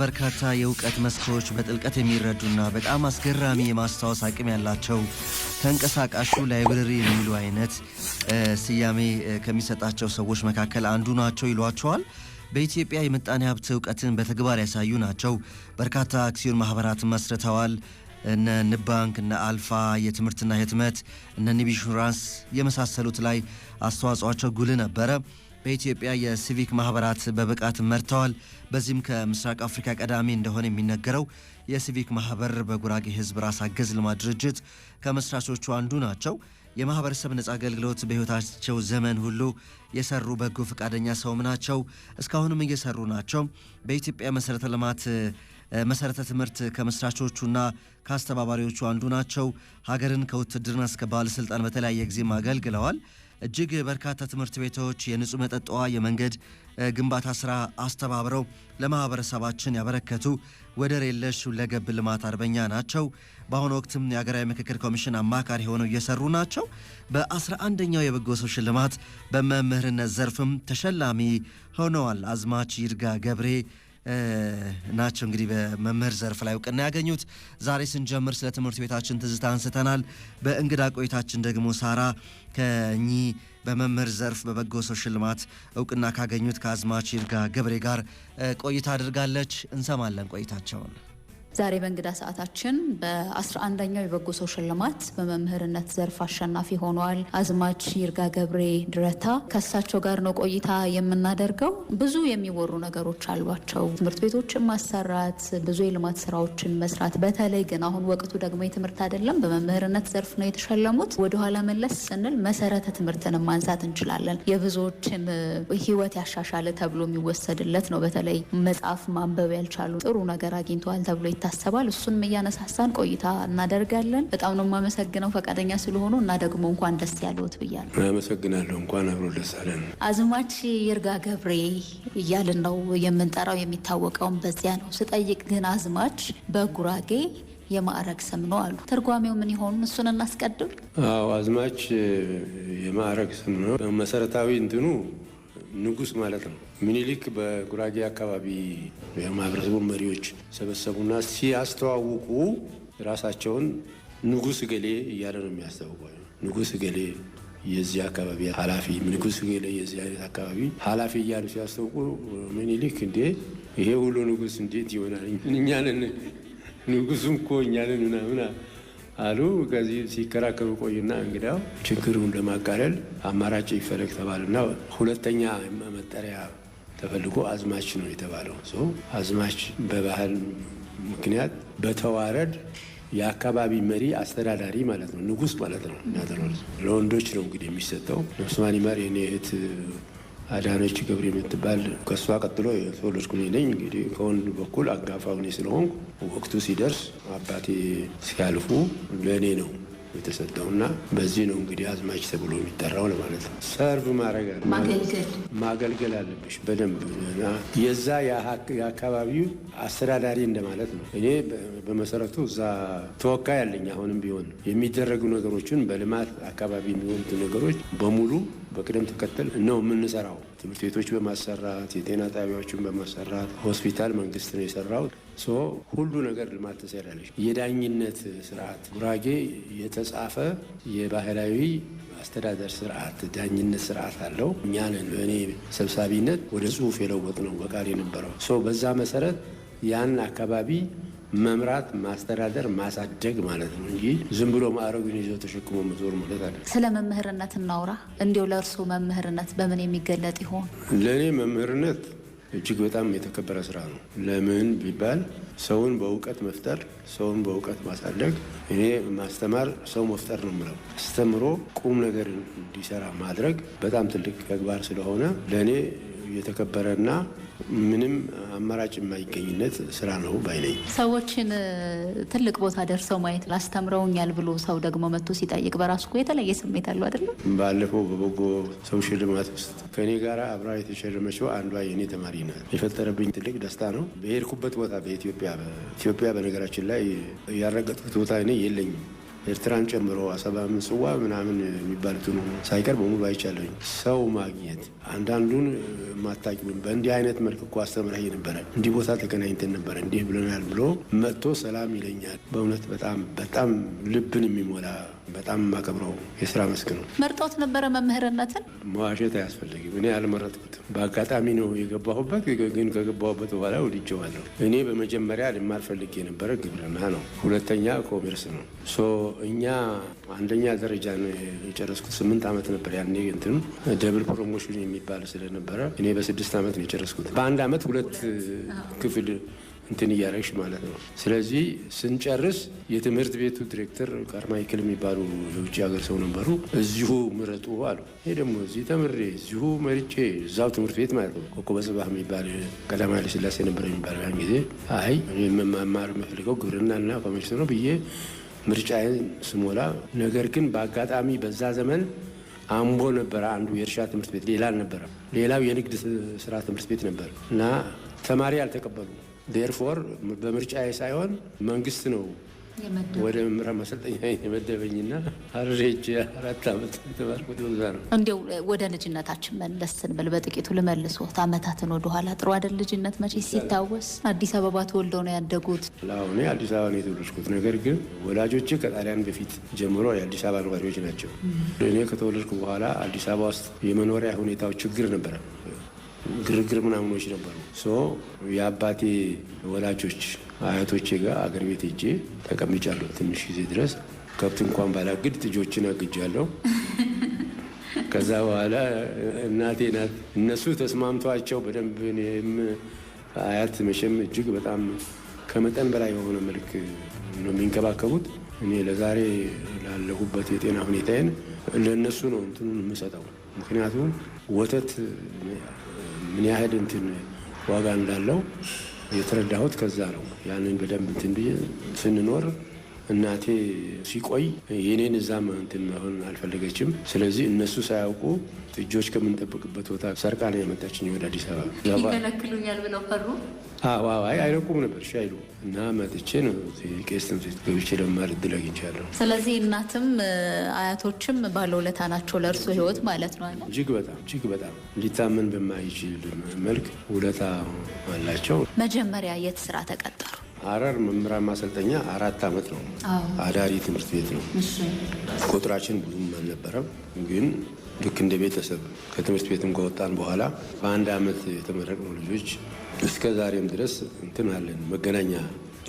በርካታ የእውቀት መስኮች በጥልቀት የሚረዱና በጣም አስገራሚ የማስታወስ አቅም ያላቸው ተንቀሳቃሹ ላይብረሪ የሚሉ አይነት ስያሜ ከሚሰጣቸው ሰዎች መካከል አንዱ ናቸው ይሏቸዋል። በኢትዮጵያ የምጣኔ ሀብት እውቀትን በተግባር ያሳዩ ናቸው። በርካታ አክሲዮን ማህበራትን መስርተዋል። እነ ንባንክ እነ አልፋ የትምህርትና ህትመት እነ ኒብ ኢንሹራንስ የመሳሰሉት ላይ አስተዋጽኦቸው ጉል ነበረ። በኢትዮጵያ የሲቪክ ማህበራት በብቃት መርተዋል። በዚህም ከምስራቅ አፍሪካ ቀዳሚ እንደሆነ የሚነገረው የሲቪክ ማህበር በጉራጌ ህዝብ ራስ አገዝ ልማት ድርጅት ከመስራቾቹ አንዱ ናቸው። የማህበረሰብ ነጻ አገልግሎት በህይወታቸው ዘመን ሁሉ የሰሩ በጎ ፈቃደኛ ሰውም ናቸው። እስካሁንም እየሰሩ ናቸው። በኢትዮጵያ መሰረተ ልማት መሰረተ ትምህርት ከመስራቾቹና ከአስተባባሪዎቹ አንዱ ናቸው። ሀገርን ከውትድርና እስከ ባለስልጣን በተለያየ ጊዜም አገልግለዋል። እጅግ በርካታ ትምህርት ቤቶች የንጹህ መጠጥ ውሃ፣ የመንገድ ግንባታ ስራ አስተባብረው ለማህበረሰባችን ያበረከቱ ወደር የለሽ ሁለገብ ልማት አርበኛ ናቸው። በአሁኑ ወቅትም የሀገራዊ ምክክር ኮሚሽን አማካሪ ሆነው እየሰሩ ናቸው። በ11ኛው የበጎ ሰው ሽልማት በመምህርነት ዘርፍም ተሸላሚ ሆነዋል። አዝማች ይርጋ ገብሬ ናቸው እንግዲህ በመምህር ዘርፍ ላይ እውቅና ያገኙት። ዛሬ ስንጀምር ስለ ትምህርት ቤታችን ትዝታ አንስተናል። በእንግዳ ቆይታችን ደግሞ ሳራ ከኚህ በመምህር ዘርፍ በበጎ ሰው ሽልማት እውቅና ካገኙት ከአዝማች ይርጋ ገብሬ ጋር ቆይታ አድርጋለች። እንሰማለን ቆይታቸውን። ዛሬ በእንግዳ ሰዓታችን በ11ኛው የበጎ ሰው ሽልማት በመምህርነት ዘርፍ አሸናፊ ሆኗል አዝማች ይርጋ ገብሬ ድረታ። ከእሳቸው ጋር ነው ቆይታ የምናደርገው። ብዙ የሚወሩ ነገሮች አሏቸው። ትምህርት ቤቶችን ማሰራት፣ ብዙ የልማት ስራዎችን መስራት። በተለይ ግን አሁን ወቅቱ ደግሞ የትምህርት አይደለም፣ በመምህርነት ዘርፍ ነው የተሸለሙት። ወደኋላ መለስ ስንል መሰረተ ትምህርትን ማንሳት እንችላለን። የብዙዎችን ህይወት ያሻሻለ ተብሎ የሚወሰድለት ነው። በተለይ መጽሐፍ ማንበብ ያልቻሉ ጥሩ ነገር አግኝተዋል ተብሎ ይታሰባል። እሱንም እያነሳሳን ቆይታ እናደርጋለን። በጣም ነው የማመሰግነው ፈቃደኛ ስለሆኑ እና ደግሞ እንኳን ደስ ያለዎት ብያለሁ። አመሰግናለሁ። እንኳን አብሮ ደስ አለን። አዝማች ይርጋ ገብሬ እያልን ነው የምንጠራው። የሚታወቀውን በዚያ ነው። ስጠይቅ ግን አዝማች በጉራጌ የማዕረግ ስም ነው አሉ። ትርጓሜው ምን ይሆኑ? እሱን እናስቀድም። አዎ አዝማች የማዕረግ ስም ነው። መሰረታዊ እንትኑ ንጉስ ማለት ነው። ምኒልክ በጉራጌ አካባቢ የማህበረሰቡ መሪዎች ሰበሰቡና ሲያስተዋውቁ ራሳቸውን ንጉስ ገሌ እያለ ነው የሚያስታውቀው። ንጉስ ገሌ የዚህ አካባቢ ኃላፊ፣ ንጉስ ገሌ የዚህ አይነት አካባቢ ኃላፊ እያሉ ሲያስታውቁ ምኒልክ እንዴ ይሄ ሁሉ ንጉስ እንዴት ይሆናል? እኛንን ንጉሱም እኮ እኛንን ምናምን አሉ። ከዚህ ሲከራከሩ ቆይና እንግዲያው ችግሩን ለማቃለል አማራጭ ይፈለግ ተባልና ሁለተኛ መጠሪያ ተፈልጎ አዝማች ነው የተባለው አዝማች በባህል ምክንያት በተዋረድ የአካባቢ መሪ አስተዳዳሪ ማለት ነው፣ ንጉስ ማለት ነው። ለወንዶች ነው እንግዲህ የሚሰጠው። ነፍስማን ይማር የኔ እህት አዳነች ገብር የምትባል ከእሷ ቀጥሎ የተወለድኩ እኔ ነኝ። እንግዲህ ከወንድ በኩል አንጋፋው እኔ ስለሆንኩ ወቅቱ ሲደርስ አባቴ ሲያልፉ ለእኔ ነው የተሰጠውና በዚህ ነው እንግዲህ አዝማች ተብሎ የሚጠራው ለማለት ነው። ሰርቭ ማድረግ ማገልገል አለብሽ በደንብ እና የዛ የአካባቢው አስተዳዳሪ እንደማለት ነው። እኔ በመሰረቱ እዛ ተወካይ አለኝ። አሁንም ቢሆን የሚደረጉ ነገሮችን በልማት አካባቢ የሚሆኑት ነገሮች በሙሉ በቅደም ተከተል ነው የምንሰራው። ትምህርት ቤቶች በማሰራት የጤና ጣቢያዎችን በማሰራት ሆስፒታል መንግስት ነው የሰራው። ሁሉ ነገር ልማት ትሰራለች። የዳኝነት ስርዓት ጉራጌ የተጻፈ የባህላዊ አስተዳደር ስርዓት ዳኝነት ስርዓት አለው። እኛንን በእኔ ሰብሳቢነት ወደ ጽሁፍ የለወጥ ነው በቃል የነበረው ሶ በዛ መሰረት ያን አካባቢ መምራት ማስተዳደር ማሳደግ ማለት ነው እንጂ ዝም ብሎ ማዕረጉን ይዞ ተሸክሞ መዞር ማለት አለ። ስለ መምህርነት እናውራ። እንዲው ለእርሱ መምህርነት በምን የሚገለጥ ይሆን? ለእኔ መምህርነት እጅግ በጣም የተከበረ ስራ ነው። ለምን ቢባል ሰውን በእውቀት መፍጠር፣ ሰውን በእውቀት ማሳደግ። እኔ ማስተማር ሰው መፍጠር ነው ምለው። አስተምሮ ቁም ነገር እንዲሰራ ማድረግ በጣም ትልቅ ተግባር ስለሆነ ለእኔ የተከበረና ምንም አማራጭ የማይገኝነት ስራ ነው ባይነኝ። ሰዎችን ትልቅ ቦታ ደርሰው ማየት ላስተምረውኛል ብሎ ሰው ደግሞ መጥቶ ሲጠይቅ በራሱ እኮ የተለየ ስሜት አለው አይደለም። ባለፈው በበጎ ሰው ሽልማት ውስጥ ከእኔ ጋር አብራ የተሸለመችው አንዷ የእኔ ተማሪ ናት። የፈጠረብኝ ትልቅ ደስታ ነው። በሄድኩበት ቦታ በኢትዮጵያ በኢትዮጵያ በነገራችን ላይ ያረገጥኩት ቦታ እኔ የለኝም። ኤርትራን ጨምሮ አሰባ፣ ምጽዋ ምናምን የሚባሉትን ሳይቀር በሙሉ አይቻለኝ። ሰው ማግኘት አንዳንዱን ማታቂውን በእንዲህ አይነት መልክ እኮ አስተምረኝ ነበረ፣ እንዲህ ቦታ ተገናኝተን ነበረ፣ እንዲህ ብለናል ብሎ መጥቶ ሰላም ይለኛል። በእውነት በጣም በጣም ልብን የሚሞላ በጣም ማከብረው የስራ መስክ ነው። መርጠት ነበረ መምህርነትን? መዋሸት አያስፈልግም። እኔ አልመረጥኩትም። በአጋጣሚ ነው የገባሁበት። ግን ከገባሁበት በኋላ ወድጀዋለሁ። እኔ በመጀመሪያ ልማልፈልግ የነበረ ግብርና ነው፣ ሁለተኛ ኮሜርስ ነው። ሶ እኛ አንደኛ ደረጃ የጨረስኩት ስምንት ዓመት ነበር። ያኔ እንትን ደብል ፕሮሞሽን የሚባል ስለነበረ እኔ በስድስት ዓመት ነው የጨረስኩት። በአንድ ዓመት ሁለት ክፍል እንትን እያደረግሽ ማለት ነው። ስለዚህ ስንጨርስ የትምህርት ቤቱ ዲሬክተር ይክል የሚባሉ የውጭ ሀገር ሰው ነበሩ። እዚሁ ምረጡ አሉ። ይሄ ደግሞ እዚህ ተምሬ እዚሁ መርጬ እዛው ትምህርት ቤት ማለት ነው ኮከበ ጽባህ የሚባል ቀዳማዊ ኃይለ ሥላሴ ነበር የሚባል ያን ጊዜ አይ መማር የምፈልገው ግብርናና ኮሚሽን ነው ብዬ ምርጫዬን ስሞላ፣ ነገር ግን በአጋጣሚ በዛ ዘመን አምቦ ነበረ አንዱ የእርሻ ትምህርት ቤት ሌላ አልነበረ። ሌላው የንግድ ስራ ትምህርት ቤት ነበር እና ተማሪ አልተቀበሉ ዴርፎር በምርጫዬ ሳይሆን መንግስት ነው ወደ መምህራን ማሰልጠኛ የመደበኝና አረሬጅ አራት ዓመት ተማርኩት። በዛ ነው። እንዲው ወደ ልጅነታችን መለስ ስንብል በጥቂቱ ልመልሶት ዓመታትን ወደኋላ ጥሩ አይደል? ልጅነት መቼ ሲታወስ አዲስ አበባ ተወልደው ነው ያደጉት። እኔ አዲስ አበባ ነው የተወለድኩት። ነገር ግን ወላጆች ከጣሊያን በፊት ጀምሮ የአዲስ አበባ ነዋሪዎች ናቸው። እኔ ከተወለድኩ በኋላ አዲስ አበባ ውስጥ የመኖሪያ ሁኔታው ችግር ነበረ። ግርግር ምናምኖች ነበሩ። የአባቴ ወላጆች አያቶቼ ጋር አገር ቤት ሄጄ ተቀምጫለሁ ትንሽ ጊዜ ድረስ። ከብት እንኳን ባላግድ ጥጆችን አግጃለሁ። ከዛ በኋላ እናቴ ናት እነሱ ተስማምቷቸው በደንብ እኔም አያት መቼም እጅግ በጣም ከመጠን በላይ የሆነ መልክ ነው የሚንከባከቡት። እኔ ለዛሬ ላለሁበት የጤና ሁኔታዬን ለእነሱ ነው እንትኑን የምሰጠው። ምክንያቱም ወተት ምን ያህል እንትን ዋጋ እንዳለው የተረዳሁት ከዛ ነው። ያንን በደንብ እንትን ስንኖር እናቴ ሲቆይ የኔን እዛ እንትን መሆን አልፈለገችም። ስለዚህ እነሱ ሳያውቁ እጆች ከምንጠብቅበት ቦታ ሰርቃ ነው ያመጣችኝ ወደ አዲስ አበባ። ይከለክሉኛል ብለው ፈሩ። አይ አይለቁም ነበር እሺ አይሉ እና መጥቼ ነው ቄስ ትምህርት ገብቼ ለመማር እድል አግኝቻለሁ። ስለዚህ እናትም አያቶችም ባለውለታ ናቸው ለእርሱ ህይወት ማለት ነው። እጅግ በጣም እጅግ በጣም ሊታመን በማይችል መልክ ውለታ አላቸው። መጀመሪያ የት ስራ ተቀጠሩ? ሀረር መምህራን ማሰልጠኛ አራት ዓመት ነው። አዳሪ ትምህርት ቤት ነው። ቁጥራችን ብዙም አልነበረም፣ ግን ልክ እንደ ቤተሰብ ከትምህርት ቤትም ከወጣን በኋላ በአንድ ዓመት የተመረቅነው ልጆች እስከ ዛሬም ድረስ እንትን አለን መገናኛ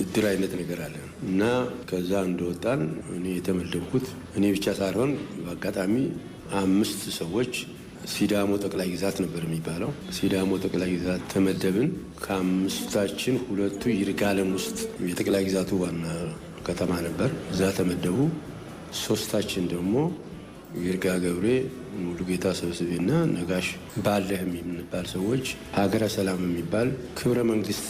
እድር አይነት ነገር አለን እና ከዛ እንደወጣን እኔ የተመደብኩት እኔ ብቻ ሳልሆን በአጋጣሚ አምስት ሰዎች ሲዳሞ ጠቅላይ ግዛት ነበር የሚባለው። ሲዳሞ ጠቅላይ ግዛት ተመደብን። ከአምስታችን ሁለቱ ይርጋለም ውስጥ የጠቅላይ ግዛቱ ዋና ከተማ ነበር፣ እዛ ተመደቡ። ሶስታችን ደግሞ ይርጋ ገብሬ፣ ሙሉጌታ ሰብስቤና ነጋሽ ባለህ የሚባል ሰዎች ሀገረ ሰላም የሚባል ክብረ መንግስት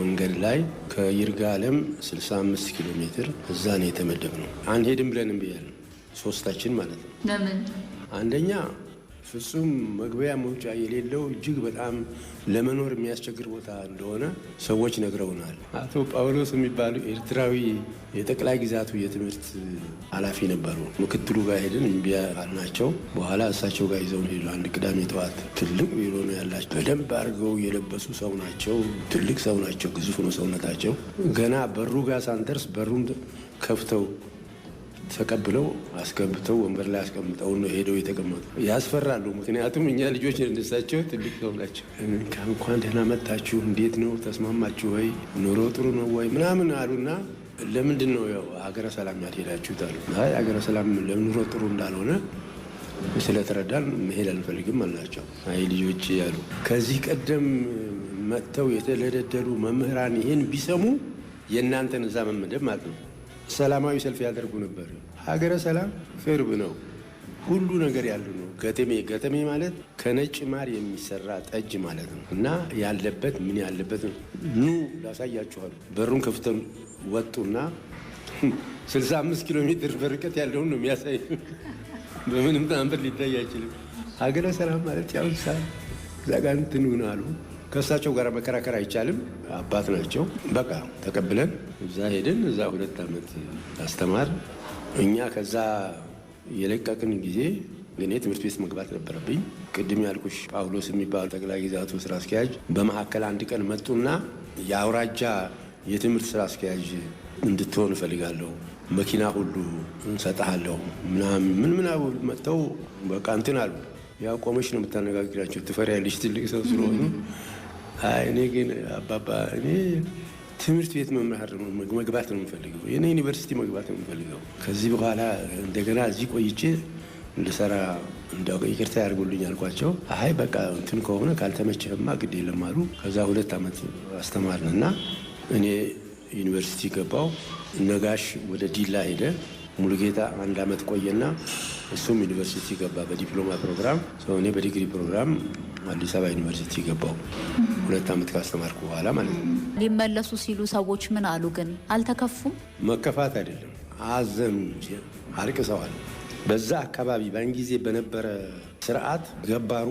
መንገድ ላይ ከይርጋ አለም 65 ኪሎ ሜትር እዛ ነው ነው። አንሄድም ብለን ብያለን፣ ሶስታችን ማለት ነው። ለምን አንደኛ ፍጹም መግቢያ መውጫ የሌለው እጅግ በጣም ለመኖር የሚያስቸግር ቦታ እንደሆነ ሰዎች ነግረውናል። አቶ ጳውሎስ የሚባሉ ኤርትራዊ የጠቅላይ ግዛቱ የትምህርት ኃላፊ ነበሩ። ምክትሉ ጋር ሄድን እምቢ አልናቸው። በኋላ እሳቸው ጋር ይዘው ሄዱ። አንድ ቅዳሜ ጠዋት ትልቅ ቢሮ ነው ያላቸው። በደንብ አድርገው የለበሱ ሰው ናቸው። ትልቅ ሰው ናቸው። ግዙፍ ነው ሰውነታቸው። ገና በሩ ጋር ሳንደርስ በሩን ከፍተው ተቀብለው አስገብተው ወንበር ላይ አስቀምጠው ነው ሄደው የተቀመጡ። ያስፈራሉ። ምክንያቱም እኛ ልጆች እንደሳቸው ትልቅ ሰው ናቸው። እንኳን ደህና መጣችሁ፣ እንዴት ነው ተስማማችሁ ወይ ኑሮ ጥሩ ነው ወይ ምናምን አሉና ለምንድን ነው ያው ሀገረ ሰላም ያልሄዳችሁት አሉ። አይ ሀገረ ሰላም ለኑሮ ጥሩ እንዳልሆነ ስለተረዳን መሄድ አንፈልግም አልናቸው። አይ ልጆች ያሉ ከዚህ ቀደም መጥተው የተለደደሉ መምህራን ይህን ቢሰሙ የእናንተን እዛ መመደብ ማለት ነው ሰላማዊ ሰልፍ ያደርጉ ነበር። ሀገረ ሰላም ቅርብ ነው፣ ሁሉ ነገር ያለው ነው። ገተሜ ገተሜ ማለት ከነጭ ማር የሚሰራ ጠጅ ማለት ነው እና ያለበት ምን ያለበት ነው። ኑ ላሳያችኋል። በሩን ከፍተን ወጡና 65 ኪሎ ሜትር በርቀት ያለውን ነው የሚያሳይ። በምንም ታምር ሊታይ አይችልም። ሀገረ ሰላም ማለት ያውሳል ዘጋንትን አሉ ከእሳቸው ጋር መከራከር አይቻልም። አባት ናቸው። በቃ ተቀብለን እዛ ሄደን እዛ ሁለት ዓመት አስተማር። እኛ ከዛ የለቀቅን ጊዜ እኔ ትምህርት ቤት መግባት ነበረብኝ። ቅድም ያልኩሽ ጳውሎስ የሚባል ጠቅላይ ግዛቱ ስራ አስኪያጅ በመካከል አንድ ቀን መጡና የአውራጃ የትምህርት ስራ አስኪያጅ እንድትሆን እፈልጋለሁ፣ መኪና ሁሉ እንሰጠሃለሁ ምናምን ምን ምና መጥተው በቃ እንትን አሉ። ያው ቆመሽ ነው የምታነጋግራቸው፣ ትፈሪያለሽ ትልቅ ሰው ስለሆኑ እኔ ግን አባባ እኔ ትምህርት ቤት መምህር መግባት ነው የምፈልገው። የኔ ዩኒቨርሲቲ መግባት ነው የምፈልገው። ከዚህ በኋላ እንደገና እዚህ ቆይቼ እንድሰራ እንዳውቀ ይቅርታ ያደርጉልኝ አልኳቸው። አይ በቃ እንትን ከሆነ ካልተመቸህማ ግድ የለም አሉ። ከዛ ሁለት ዓመት አስተማርን እና እኔ ዩኒቨርሲቲ ገባው። ነጋሽ ወደ ዲላ ሄደ። ሙሉጌታ አንድ ዓመት ቆየና እሱም ዩኒቨርሲቲ ገባ በዲፕሎማ ፕሮግራም። እኔ በዲግሪ ፕሮግራም አዲስ አበባ ዩኒቨርሲቲ ገባው። ሁለት ዓመት ካስተማርኩ በኋላ ማለት ነው። ሊመለሱ ሲሉ ሰዎች ምን አሉ? ግን አልተከፉም? መከፋት አይደለም፣ አዘኑ እንጂ አልቅሰዋል። በዛ አካባቢ በአን ጊዜ በነበረ ስርዓት ገባሩ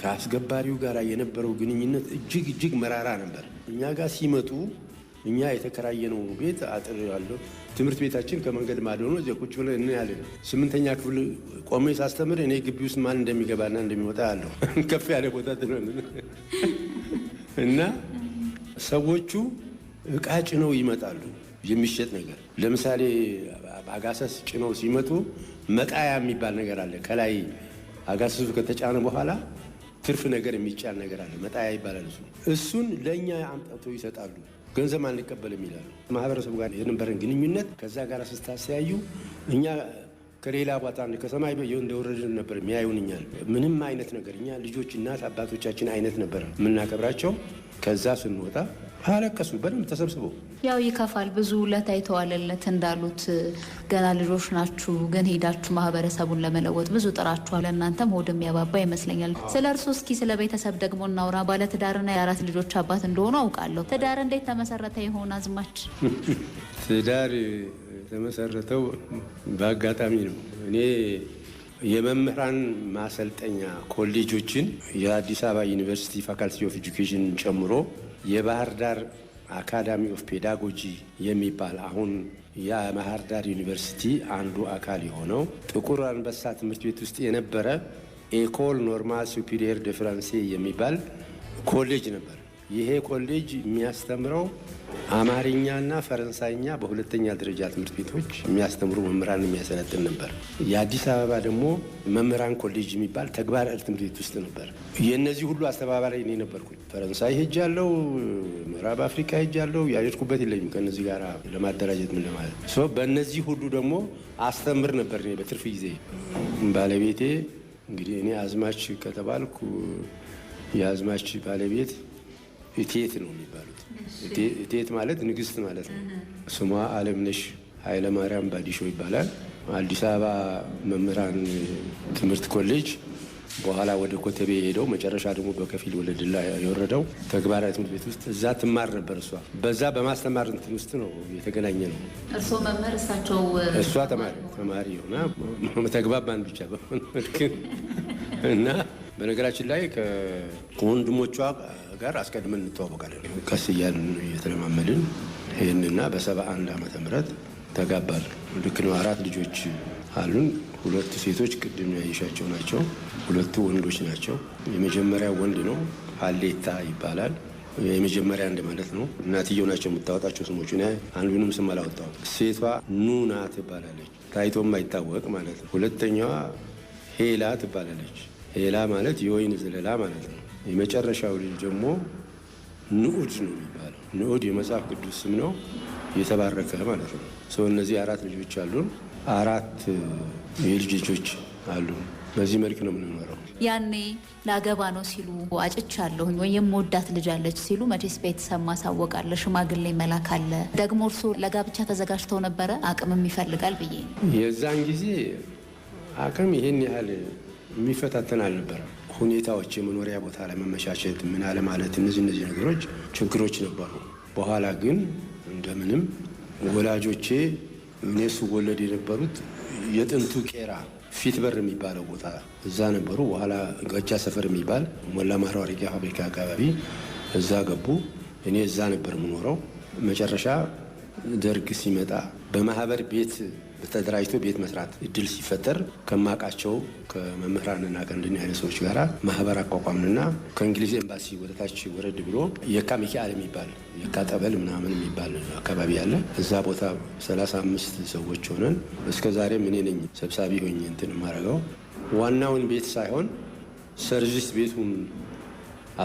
ከአስገባሪው ጋር የነበረው ግንኙነት እጅግ እጅግ መራራ ነበር። እኛ ጋር ሲመጡ እኛ የተከራየነው ቤት አጥር ያለው ትምህርት ቤታችን ከመንገድ ማዶ ነው። እዚያ ቁጭ ብለን እናያለን። ስምንተኛ ክፍል ቆሜ ሳስተምር እኔ ግቢ ውስጥ ማን እንደሚገባና እንደሚወጣ ያለው ከፍ ያለ ቦታ እና ሰዎቹ እቃ ጭነው ይመጣሉ። የሚሸጥ ነገር ለምሳሌ አጋሰስ ጭነው ሲመጡ መጣያ የሚባል ነገር አለ። ከላይ አጋሰሱ ከተጫነ በኋላ ትርፍ ነገር የሚጫን ነገር አለ። መጣያ ይባላል። እሱ እሱን ለእኛ አምጠቶ ይሰጣሉ። ገንዘብ አንቀበልም ይላሉ። ማህበረሰቡ ጋር የነበረን ግንኙነት ከዛ ጋር ስታስተያዩ እኛ ከሌላ ቦታ ከሰማይ እንደወረድ ነበር የሚያዩንኛል። ምንም አይነት ነገር እኛ ልጆች እናት አባቶቻችን አይነት ነበር የምናከብራቸው። ከዛ ስንወጣ አለቀሱ በደንብ ተሰብስበው። ያው ይከፋል። ብዙ ውለታ የተዋለለት እንዳሉት ገና ልጆች ናችሁ፣ ግን ሄዳችሁ ማህበረሰቡን ለመለወጥ ብዙ ጥራችኋል። እናንተም ሆድ የሚያባባ ይመስለኛል። ስለ እርሶ እስኪ ስለ ቤተሰብ ደግሞ እናውራ። ባለትዳርና የአራት ልጆች አባት እንደሆኑ አውቃለሁ። ትዳር እንዴት ተመሰረተ? ይሆን አዝማች ትዳር የተመሰረተው በአጋጣሚ ነው። እኔ የመምህራን ማሰልጠኛ ኮሌጆችን የአዲስ አበባ ዩኒቨርሲቲ ፋካልቲ ኦፍ ኤጁኬሽን ጨምሮ የባህር ዳር አካዳሚ ኦፍ ፔዳጎጂ የሚባል አሁን የባህር ዳር ዩኒቨርሲቲ አንዱ አካል የሆነው ጥቁር አንበሳ ትምህርት ቤት ውስጥ የነበረ ኤኮል ኖርማል ሱፒሪየር ደ ፍራንሴ የሚባል ኮሌጅ ነበር። ይሄ ኮሌጅ የሚያስተምረው አማርኛና ፈረንሳይኛ በሁለተኛ ደረጃ ትምህርት ቤቶች የሚያስተምሩ መምህራን የሚያሰለጥን ነበር። የአዲስ አበባ ደግሞ መምህራን ኮሌጅ የሚባል ተግባር ዕድ ትምህርት ቤት ውስጥ ነበር። የእነዚህ ሁሉ አስተባባሪ እኔ ነበርኩ ፈረንሳይ ሄጃለሁ፣ ምዕራብ አፍሪካ ሄጃለሁ። ያልሄድኩበት የለኝም ከነዚህ ጋር ለማደራጀት ምን ለማለት በእነዚህ ሁሉ ደግሞ አስተምር ነበር እኔ በትርፍ ጊዜ ባለቤቴ እንግዲህ እኔ አዝማች ከተባልኩ የአዝማች ባለቤት እቴት ነው የሚባሉት። እቴት ማለት ንግስት ማለት ነው። ስሟ አለምነሽ ኃይለ ማርያም ባዲሾ ይባላል። አዲስ አበባ መምህራን ትምህርት ኮሌጅ በኋላ ወደ ኮተቤ የሄደው መጨረሻ ደግሞ በከፊል ወደ ድላ የወረደው ተግባራዊ ትምህርት ቤት ውስጥ እዛ ትማር ነበር። እሷ በዛ በማስተማር እንትን ውስጥ ነው የተገናኘ ነው። እርስዎ መምህር፣ እሳቸው እሷ ተማሪ ተማሪ ሆና ተግባባን ብቻ በሆነ እና በነገራችን ላይ ከወንድሞቿ ጋር አስቀድመን እንተዋወቃለን። ቀስ እያልን እየተለማመድን ይህንና በሰባ አንድ ዓመተ ምህረት ተጋባል። ልክ ነው። አራት ልጆች አሉን። ሁለቱ ሴቶች ቅድም ያየሻቸው ናቸው። ሁለቱ ወንዶች ናቸው። የመጀመሪያ ወንድ ነው፣ ሀሌታ ይባላል። የመጀመሪያ አንድ ማለት ነው። እናትየው ናቸው የምታወጣቸው ስሞች። አንዱንም ስም አላወጣው። ሴቷ ኑና ትባላለች፣ ታይቶ የማይታወቅ ማለት ነው። ሁለተኛዋ ሄላ ትባላለች። ሄላ ማለት የወይን ዘለላ ማለት ነው። የመጨረሻው ልጅ ደግሞ ንዑድ ነው የሚባለው። ንዑድ የመጽሐፍ ቅዱስ ስም ነው፣ የተባረከ ማለት ነው። ሰው እነዚህ አራት ልጆች አሉን፣ አራት የልጅ ልጆች አሉ። በዚህ መልክ ነው የምንኖረው። ያኔ ለአገባ ነው ሲሉ አጭች አለሁኝ ወይም የምወዳት ልጅ አለች ሲሉ መቼስ ቤተሰብ ማሳወቅ አለ፣ ሽማግሌ መላክ አለ። ደግሞ እርሶ ለጋብቻ ተዘጋጅተው ነበረ? አቅምም ይፈልጋል ብዬ የዛን ጊዜ አቅም ይህን ያህል የሚፈታተን አልነበረም። ሁኔታዎች፣ የመኖሪያ ቦታ አለመመቻቸት፣ ምን ማለት እነዚህ እነዚህ ነገሮች ችግሮች ነበሩ። በኋላ ግን እንደምንም ወላጆቼ እኔ ስወለድ የነበሩት የጥንቱ ቄራ ፊት በር የሚባለው ቦታ እዛ ነበሩ። በኋላ ገጃ ሰፈር የሚባል ሞላ ማሯሪቂያ ፋብሪካ አካባቢ እዛ ገቡ። እኔ እዛ ነበር የምኖረው። መጨረሻ ደርግ ሲመጣ በማህበር ቤት ተደራጅቶ ቤት መስራት እድል ሲፈጠር ከማውቃቸው ከመምህራንና ከእንደኒ አይነት ሰዎች ጋር ማህበር አቋቋምንና ከእንግሊዝ ኤምባሲ ወደታች ወረድ ብሎ የካ ሚካኤል የሚባል የካ ጠበል ምናምን የሚባል አካባቢ አለ። እዛ ቦታ ሰላሳ አምስት ሰዎች ሆነን እስከዛሬም እኔ ነኝ ሰብሳቢ ሆኜ እንትን የማደርገው ዋናውን ቤት ሳይሆን ሰርቪስ ቤቱን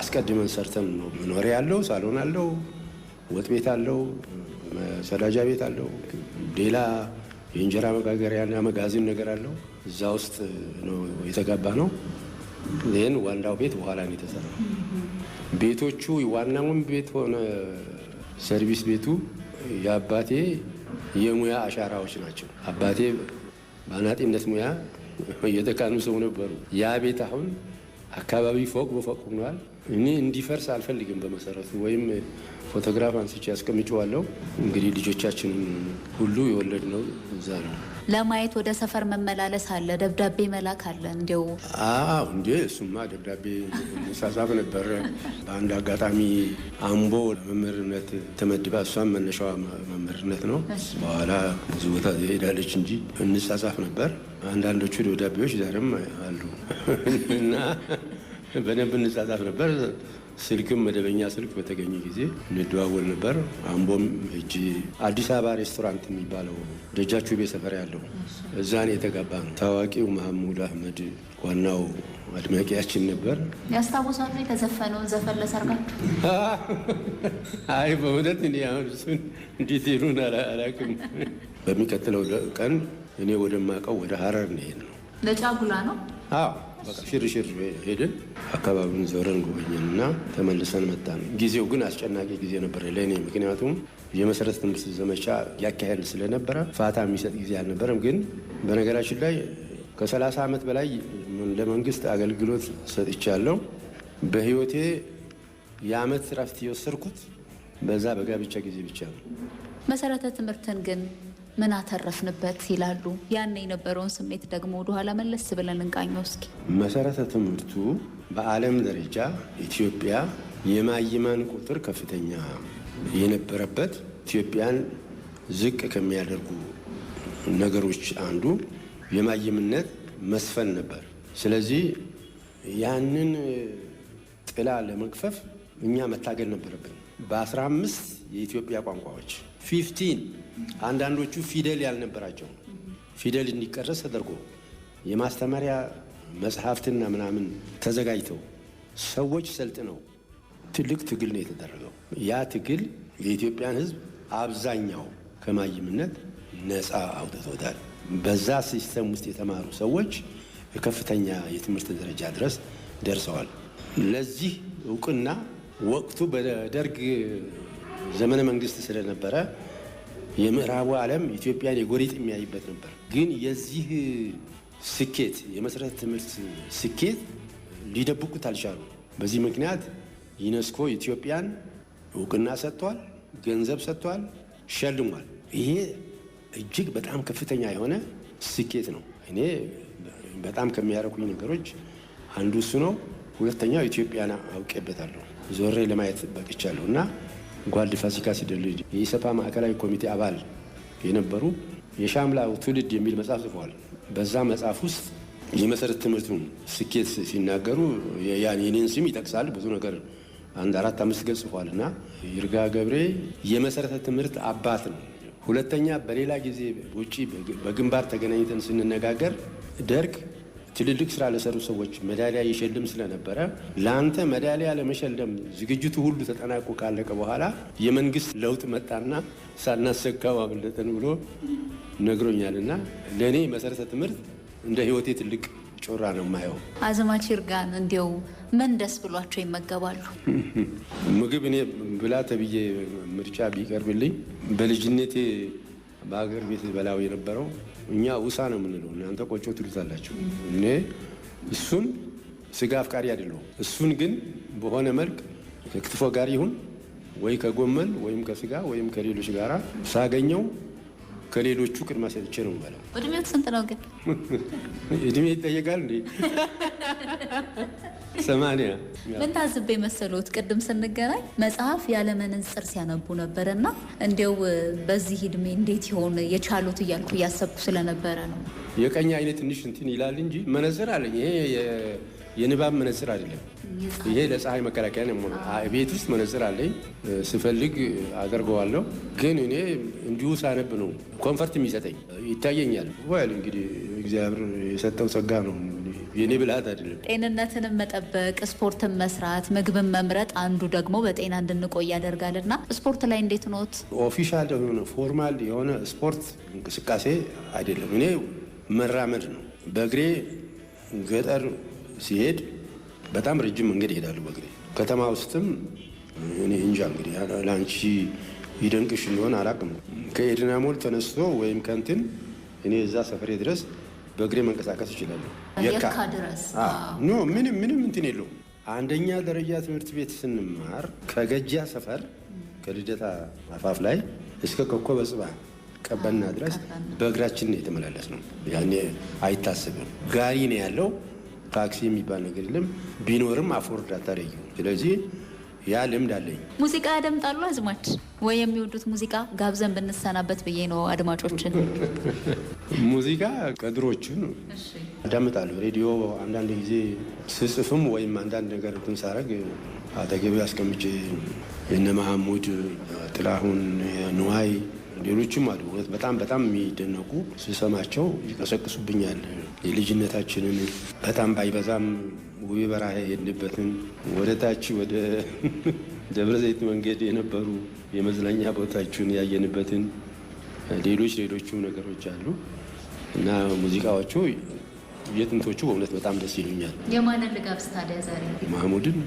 አስቀድመን ሰርተን ነው። መኖሪያ ያለው ሳሎን አለው፣ ወጥ ቤት አለው፣ መጸዳጃ ቤት አለው፣ ሌላ የእንጀራ መጋገሪያና መጋዘን ነገር አለው። እዛ ውስጥ ነው የተጋባ ነው። ይህን ዋናው ቤት በኋላ ነው የተሰራ። ቤቶቹ ዋናውን ቤት ሆነ ሰርቪስ ቤቱ የአባቴ የሙያ አሻራዎች ናቸው። አባቴ በአናጢነት ሙያ የተካኑ ሰው ነበሩ። ያ ቤት አሁን አካባቢ ፎቅ በፎቅ ሆኗል። እኔ እንዲፈርስ አልፈልግም። በመሰረቱ ወይም ፎቶግራፍ አንስቼ ያስቀምጨዋለሁ። እንግዲህ ልጆቻችን ሁሉ የወለድ ነው እዛ ነው። ለማየት ወደ ሰፈር መመላለስ አለ፣ ደብዳቤ መላክ አለ። እንዲው አዎ፣ እንዲ እሱማ ደብዳቤ መጻጻፍ ነበረ። በአንድ አጋጣሚ አምቦ መምህርነት ተመድባ፣ እሷም መነሻዋ መምህርነት ነው። በኋላ ብዙ ቦታ ሄዳለች እንጂ እንሳሳፍ ነበር አንዳንዶቹ ደብዳቤዎች ዛሬም አሉ እና በደንብ እንጻጻፍ ነበር። ስልክም መደበኛ ስልክ በተገኘ ጊዜ እንደዋወል ነበር። አምቦም እጅ አዲስ አበባ ሬስቶራንት የሚባለው ደጃችሁ ቤት ሰፈር ያለው እዛን የተጋባ ነው። ታዋቂው መሐሙድ አህመድ ዋናው አድማቂያችን ነበር። ያስታውሳሉ የተዘፈነውን ዘፈን ለሰርጋችሁ? አይ በእውነት እኔ አሁን እሱን ዲቴሉን አላውቅም። በሚቀጥለው ቀን እኔ ወደማውቀው ወደ ሀረር ነው ነው ለጫጉላ ነው? አዎ በቃ ሽርሽር ሄድን፣ አካባቢውን ዞረን ጎበኘን እና ተመልሰን መጣን። ጊዜው ግን አስጨናቂ ጊዜ ነበር ለእኔ፣ ምክንያቱም የመሰረተ ትምህርት ዘመቻ ያካሄድ ስለነበረ ፋታ የሚሰጥ ጊዜ አልነበረም። ግን በነገራችን ላይ ከ30 ዓመት በላይ ለመንግስት አገልግሎት ሰጥቻለሁ። በህይወቴ የአመት እረፍት የወሰድኩት በዛ በጋብቻ ጊዜ ብቻ ነው። መሰረተ ትምህርትን ግን ምን አተረፍንበት ይላሉ። ያን የነበረውን ስሜት ደግሞ ወደኋላ መለስ ብለን እንቃኘው እስኪ። መሰረተ ትምህርቱ በዓለም ደረጃ ኢትዮጵያ የማይማን ቁጥር ከፍተኛ የነበረበት ኢትዮጵያን ዝቅ ከሚያደርጉ ነገሮች አንዱ የማይምነት መስፈን ነበር። ስለዚህ ያንን ጥላ ለመግፈፍ እኛ መታገል ነበረብን በ15 የኢትዮጵያ ቋንቋዎች ፊፍቲን አንዳንዶቹ ፊደል ያልነበራቸው ፊደል እንዲቀረስ ተደርጎ የማስተማሪያ መጽሐፍትና ምናምን ተዘጋጅተው ሰዎች ሰልጥነው ትልቅ ትግል ነው የተደረገው። ያ ትግል የኢትዮጵያን ሕዝብ አብዛኛው ከማይምነት ነፃ አውጥቶታል። በዛ ሲስተም ውስጥ የተማሩ ሰዎች ከፍተኛ የትምህርት ደረጃ ድረስ ደርሰዋል። ለዚህ እውቅና ወቅቱ በደርግ ዘመነ መንግስት ስለነበረ የምዕራቡ ዓለም ኢትዮጵያን የጎሪጥ የሚያይበት ነበር። ግን የዚህ ስኬት የመሰረተ ትምህርት ስኬት ሊደብቁት አልቻሉ። በዚህ ምክንያት ዩኔስኮ ኢትዮጵያን እውቅና ሰጥቷል፣ ገንዘብ ሰጥቷል፣ ሸልሟል። ይሄ እጅግ በጣም ከፍተኛ የሆነ ስኬት ነው። እኔ በጣም ከሚያረኩኝ ነገሮች አንዱ እሱ ነው። ሁለተኛው ኢትዮጵያን አውቄበታለሁ፣ ዞሬ ለማየት በቅቻለሁ እና ጓልድ ፋሲካ ሲደልጅ የኢሰፓ ማዕከላዊ ኮሚቴ አባል የነበሩ የሻምላው ትውልድ የሚል መጽሐፍ ጽፈዋል። በዛ መጽሐፍ ውስጥ የመሰረት ትምህርቱን ስኬት ሲናገሩ የኔን ስም ይጠቅሳል። ብዙ ነገር አንድ አራት አምስት ገጽ ጽፏል እና ይርጋ ገብሬ የመሰረተ ትምህርት አባት ነው። ሁለተኛ በሌላ ጊዜ ውጭ በግንባር ተገናኝተን ስንነጋገር ደርግ ትልልቅ ስራ ለሰሩ ሰዎች ሜዳሊያ ይሸልም ስለነበረ ለአንተ ሜዳሊያ ለመሸለም ዝግጅቱ ሁሉ ተጠናቆ ካለቀ በኋላ የመንግስት ለውጥ መጣና ሳናሰካው አብለጠን ብሎ ነግሮኛል። እና ለእኔ መሰረተ ትምህርት እንደ ህይወቴ ትልቅ ጮራ ነው የማየው። አዝማች ይርጋን እንዲያው ምን ደስ ብሏቸው ይመገባሉ? ምግብ እኔ ብላ ተብዬ ምርጫ ቢቀርብልኝ በልጅነቴ በሀገር ቤት በላው የነበረው እኛ ውሳ ነው የምንለው፣ እናንተ ቆጮ ትሉታላችሁ። እኔ እሱን ስጋ አፍቃሪ አይደለሁም። እሱን ግን በሆነ መልክ ከክትፎ ጋር ይሁን ወይ ከጎመን ወይም ከስጋ ወይም ከሌሎች ጋራ ሳገኘው ከሌሎቹ ቅድማ ሰጥቼ ነው የምበላው። እድሜው ስንት ነው ግን? እድሜ ይጠየቃል እንዴ? ሰማንያ ምን ታዝቤ መሰሎት? ቅድም ስንገናኝ መጽሐፍ ያለ መነጽር ሲያነቡ ነበር እና እንዲያው በዚህ እድሜ እንዴት ይሆን የቻሉት እያልኩ እያሰብኩ ስለነበረ ነው። የቀኝ አይነት ትንሽ እንትን ይላል እንጂ መነጽር አለኝ ይሄ የንባብ መነጽር አይደለም ይሄ። ለፀሐይ መከላከያ ነው ቤት ውስጥ መነጽር አለኝ፣ ስፈልግ አደርገዋለሁ። ግን እኔ እንዲሁ ሳነብ ነው ኮንፈርት የሚሰጠኝ ይታየኛል። ወይ እንግዲህ እግዚአብሔር የሰጠው ጸጋ ነው የኔ ብልሃት አይደለም። ጤንነትንም መጠበቅ፣ ስፖርትን መስራት፣ ምግብን መምረጥ አንዱ ደግሞ በጤና እንድንቆይ ያደርጋል እና ስፖርት ላይ እንዴት ኖት? ኦፊሻል የሆነ ፎርማል የሆነ ስፖርት እንቅስቃሴ አይደለም። እኔ መራመድ ነው በእግሬ ገጠር ሲሄድ በጣም ረጅም መንገድ ይሄዳሉ በእግሬ ከተማ ውስጥም እኔ እንጃ እንግዲህ ለአንቺ ይደንቅሽ እንደሆን አላቅም። ከኤድናሞል ተነስቶ ወይም ከንትን እኔ እዛ ሰፈሬ ድረስ በእግሬ መንቀሳቀስ እችላለሁ። የካ ድረስ ምንም ምንም እንትን የለው። አንደኛ ደረጃ ትምህርት ቤት ስንማር ከገጃ ሰፈር ከልደታ አፋፍ ላይ እስከ ኮከበ ጽባህ ቀበና ድረስ በእግራችን የተመላለስ ነው። ያኔ አይታስብም። ጋሪ ነው ያለው ታክሲ የሚባል ነገር የለም። ቢኖርም አፎርድ አታደርጊ። ስለዚህ ያ ልምድ አለኝ። ሙዚቃ ያደምጣሉ አዝማች ወይ የሚወዱት ሙዚቃ ጋብዘን ብንሰናበት ብዬ ነው። አድማጮችን ሙዚቃ ቀድሮችን አዳምጣሉ ሬዲዮ አንዳንድ ጊዜ ስጽፍም ወይም አንዳንድ ነገር እንትን ሳረግ አጠገቤ አስቀምጬ የነ መሐሙድ ጥላሁን፣ ንዋይ ሌሎችም አሉ። በጣም በጣም የሚደነቁ ስሰማቸው ይቀሰቅሱብኛል። የልጅነታችንን በጣም ባይበዛም ውቢ በረሃ የሄድንበትን ወደ ታች ወደ ደብረ ዘይት መንገድ የነበሩ የመዝናኛ ቦታችሁን ያየንበትን ሌሎች ሌሎቹ ነገሮች አሉ እና ሙዚቃዎቹ የጥንቶቹ በእውነት በጣም ደስ ይሉኛል። የማንን ልጋብዝ ታዲያ ዛሬ? ማህሙድን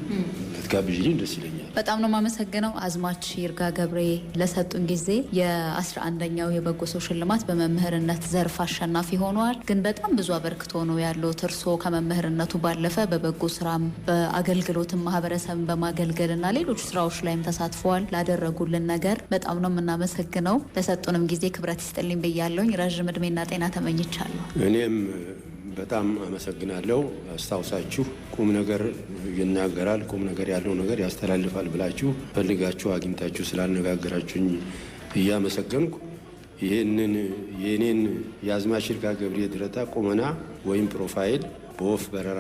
ብትጋብዥልኝ ደስ ይለኛል። በጣም ነው የማመሰግነው አዝማች ይርጋ ገብሬ ለሰጡን ጊዜ። የ11ኛው የበጎ ሰው ሽልማት በመምህርነት ዘርፍ አሸናፊ ሆነዋል። ግን በጣም ብዙ አበርክቶ ነው ያለዎት እርስዎ ከመምህርነቱ ባለፈ በበጎ ስራም በአገልግሎትም ማህበረሰብን በማገልገል እና ሌሎች ስራዎች ላይም ተሳትፈዋል። ላደረጉልን ነገር በጣም ነው የምናመሰግነው። ለሰጡንም ጊዜ ክብረት ይስጥልኝ ብያለውኝ። ረዥም እድሜና ጤና ተመኝቻለሁ። እኔም በጣም አመሰግናለሁ። አስታውሳችሁ ቁም ነገር ይናገራል፣ ቁም ነገር ያለው ነገር ያስተላልፋል ብላችሁ ፈልጋችሁ አግኝታችሁ ስላነጋገራችሁኝ እያመሰገንኩ ይህንን የእኔን የአዝማች ይርጋ ገብሬ ድረታ ቁመና ወይም ፕሮፋይል በወፍ በረራ